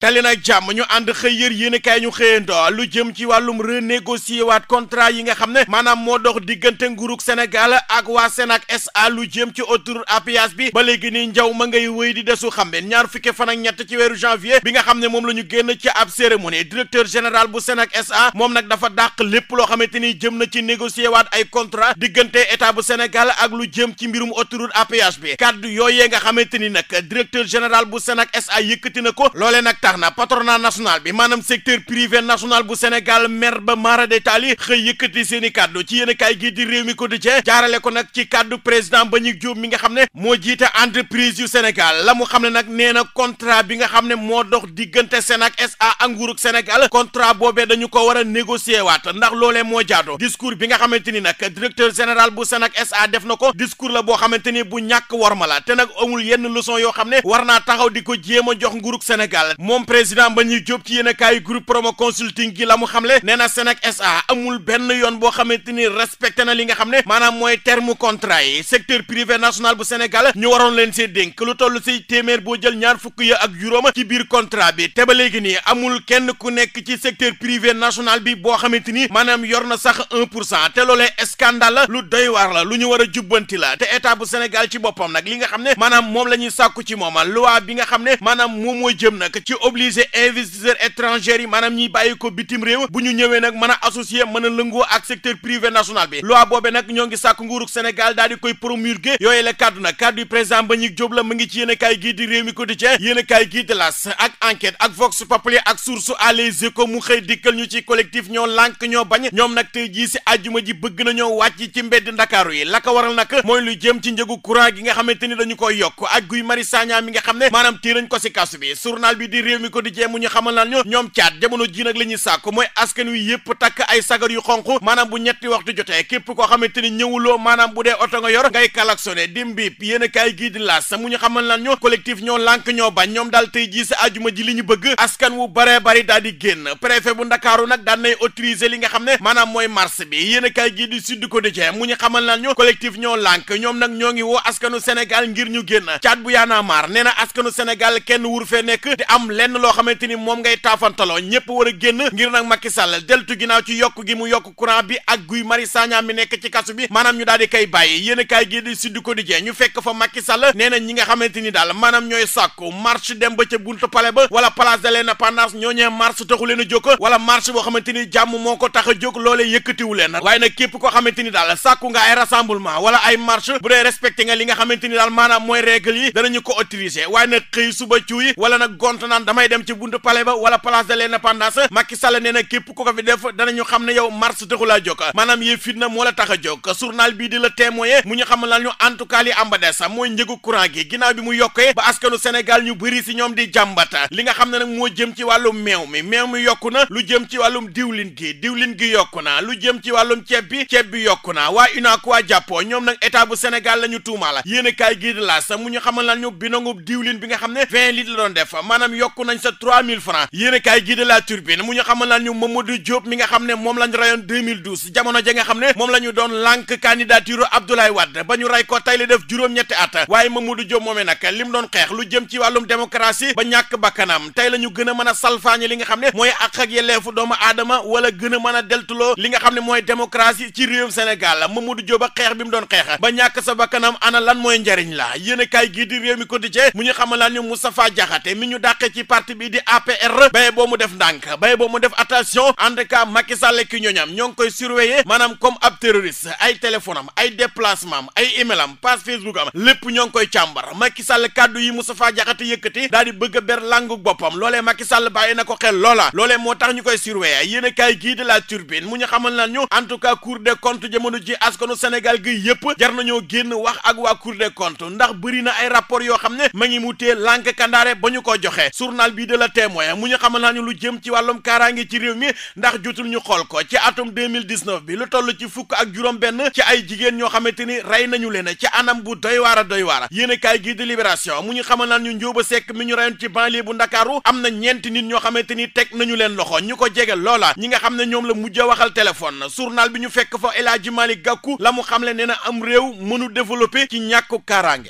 tali nag jàmm ñu ànd xëy yër yéenekaay ñu xëyandoo lu jëm ci wàllum renégocier waat contrat yi nga xam ne maanaam moo dox diggante nguurug Sénégal ak waa Sénac SA lu jëm ci autoroute à bi ba léegi nii njaw ma ngay wéy di desu xambe ñaar fukki fan ak ñett ci weeru janvier bi nga xam ne moom la ñu génn ci ab cérémonie directeur général bu Sénac SA moom nag dafa dàq lépp loo xamante ni jëm na ci négocier waat ay contrat diggante état bu Sénégal ak lu jëm ci mbirum autoroute à péage bi kàddu yooyee nga xamante ni nag directeur général bu Sénac SA yëkkati na ko loole nag tax na patronat national bi maanaam secteur privé national bu Sénégal mer ba mara de taali xëy yëkkati seen i kàddu ci yéen a kaay gii di réew mi quotidien jaarale ko nag ci kàddu président Mbagnick Diop mi nga xam ne moo jiite entreprise yu Sénégal la mu xam ne nag nee na contrat bi nga xam ne moo dox diggante Sénac SA ak nguurug Sénégal contrat boobee dañu ko war a négocier waat ndax loole moo jaadu discours bi nga xamante ni nag directeur général bu Sénac SA def na ko discours la boo xamante ni bu ñàkk war ma la te nag amul yenn leçon yoo xam ne war naa taxaw di ko jéem a jox nguurug Sénégal moom président Mbagnick Diop ci yéenekaay groupe promo consulting gi la mu xamle nee na Sénac SA amul benn yoon boo xamante ni respecté na li nga xam ne maanaam mooy terme contrat yi secteur privé national bu Sénégal ñu waroon leen see dénk lu toll si téeméer boo jël ñaar fukk ya ak juróom ci biir contrat bi te ba léegi nii amul kenn ku nekk ci secteur privé bi boo xamante ni maanaam yor na sax un pour cent lu doy waar la lu ñu war a jubbanti la te état bu Sénégal ci boppam nag li nga xam ne maanaam moom la ñuy sàkku ci moom loi bi nga xam ne maanaam moom mooy jëm nag ci obligé investisseurs étrangers yi maanaam ñiy bàyyi ko bitim réew bu ñu ñëwee nag mën a associé mën a lëngoo ak secteur privé national bi loi boobee nag ñoo ngi sàkk nguurug Sénégal daal di koy promulgué yooyu la kàddu nag kàddu yi président Mbagnick Diop la mu ngi ci yéen a kaay gii di réew mi quotidien yéen a kaay gii di las ak enquête ak vox populi ak source à les échos mu xëy dikkal ñu ci collectif ñoo lànk ñoo bañ ñoom nag tey jii si àjjuma ji bëgg nañoo wàcc yi la ko waral nag mooy lu ci koy yokk ak Guy Marius Sagna mi nga xam ne maanaam téye nañ ko bi réew mi quotidien mu ñu xamal naan ñoom caat jamono ji nag la ñuy sàkku mooy askan wi yëpp takk ay sagar yu xonq maanaam bu ñetti waxtu jotee képp koo xamante ni ñëwuloo maanaam bu dee oto nga yor ngay kalaksone di mbiip yéen a kaay gii di laas mu ñu xamal naan ñu collectif ñoo lànk ñoo bañ ñoom daal tey jii ajuma ji li ñu bëgg askan wu baree bari daal di génn préfet bu ndakaaru nag daan nay autorisé li nga xam ne maanaam mooy marche bi yéen a kaay gii di sud quotidien mu ñu xamal naan ñu collectif ñoo lànk ñoom nag ñoo ngi woo askanu sénégal ngir ñu génn caat bu yaanaa maar nee na askanu sénégal kenn wur fee nekk di am lenn lenn loo xamante ni moom ngay taafantaloo ñëpp war a génn ngir nag a kaay gii di Sud Quotidien ñu fekk fa Macky Sall nee na ñi nga xamante ni daal maanaam ñooy sàkku marche dem ba ca buntu palais ba wala place de l'Indépendance ñooñee marche taxu leen a jóg wala marche boo xamante jàmm moo ko tax a jóg loolee yëkkatiwu leen waaye nag képp koo xamante daal sàkku nga ay rassemblement wala ay marche bu dee respecté nga li nga xamante daal maanaam mooy règle yi danañu ko autoriser waaye nag xëy suba ciuyi wala nag gont naan damay dem ci buntu palais ba wala place de l'indépendance Macky Sall nee na képp ku ko fi def danañu xam ne yow mars taxulaa jóg maanaam yee fitna moo la tax a jóg journal bii di la témoigner mu ñu xam lan ñu en tout cas li mooy njëgu courant gi ginnaaw bi mu yokkee ba askanu Sénégal ñu bëri si ñoom di jàmbata li nga xam ne nag moo jëm ci wàllum meew mi meew mi yokku na lu jëm ci wàllum diwlin gi diwlin gi yokku na lu jëm ci wàllum ceeb ceeb bi yokku a nañ sa 3000 francs yéene kaay gii de la turbine mu ñu xamal naan ñu Mamadou Diop mi nga xam ne moom lañ rayoon jamono ja nga xam ne moom la doon lànk candidature Abdoulaye Wade ba ñu ray ko tey li def juróom-ñetti at waaye Mamadou Diop moomee nag li mu doon xeex lu jëm ci wàllum démocratie ba ñàkk bakkanam tey la ñu gën a a li nga xam ne mooy àq yelleefu doomu aadama wala gën a deltuloo li nga xam ne mooy démocratie ci réewum Sénégal Mamadou Diop a xeex bi mu doon xeex ba parti bi di APR béye boo mu def ndànk béye boo mu def attention en tout Sall ki ñoñam ñoo ngi koy surveiller maanaam comme ab terroriste ay téléphone ay déplacement am ay email am page lépp ñoo ngi koy càmbar Macky Sall kàddu yi Moustapha Diakhaté yëkkati daal di bëgg ber langu boppam loolee Macky Sall bàyyi na ko xel loola loolee moo tax ñu koy surveiller yéen a kaay gii de la turbine mu ñu xamal na ñu en tout cas Cour des comptes jamono ji askanu Sénégal gi yëpp jar nañoo génn wax ak waa Cour des ndax bëri na ay rapport yoo xam ne ma ngi mu tee lànk kandaare ba ñu ko joxe journal bii de la témoin mu ñu xamal ñu lu jëm ci wàllum kaaraange ci réew mi ndax jotul ñu xool ko ci atum 2019 bi lu toll ci fukk ak juróom benn ci ay jigéen ñoo xamante ni rey nañu leen ci anam bu doy waar a doy waar a yéen kaay gii di libération mu ñu xamal nañu njóoba sekk mi ñu reyoon ci banlieue bu ndakaaru am na ñeenti nit ñoo xamante ni teg nañu leen loxo ñu ko jege ñi nga xam ne ñoom la mujj a waxal téléphone journal bi ñu fekk fa El Hadji Malick la mu xamle nee na am réew mënu développé ci ñàkku kaaraange